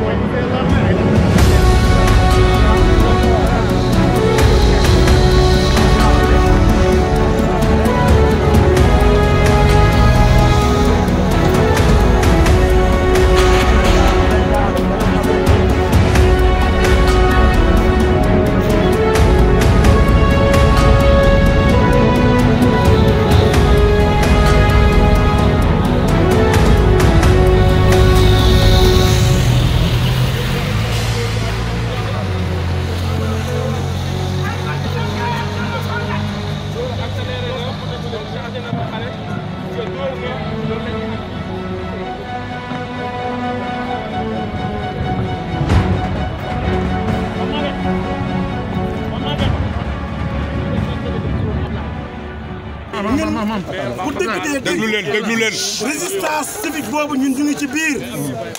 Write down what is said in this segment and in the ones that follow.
Wednesday, 11. ñun bu dëgg déglu leen déglu leen résistance civique boobu ñun ñu ngi ci biir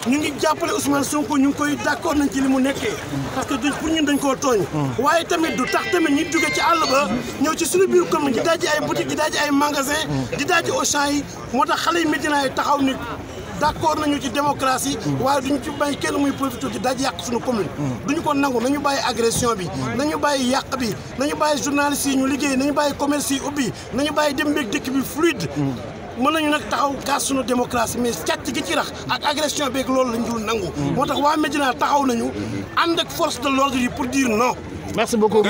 ñu ngi jàppale Ousmane Sonko ñu ngi koy d'accord nañ ci li mu nekkee parce que duñ pour ñun dañ koo tooñ waaye tamit du tax tamit ñu jóge ci àll ba ñëw ci suñu biir commune di daaji ay boutique di daaji ay magasin di daaji Auchan yi moo tax xale yi Médina yi taxaw nit d'accord nañu ci démocratie mm. waaye duñu ci bàyyi kenn muy profité di daj yàq suñu commune mm. duñu ko nangu nañu bàyyi agression bi mm. nañu bàyyi yàq bi nañu bàyyi journalistes yi ñu liggéey nañu bàyyi commerce yi ubbi nañu bàyyi dem beeg dëkk bi fluide mën nañu nag taxaw kaas suñu démocratie mais càcc gi ci rax ak agression beeg loolu lañ dul nangu moo tax waa Médina taxaw nañu ànd ak force de l'ordre yi pour dire non merci beaucoup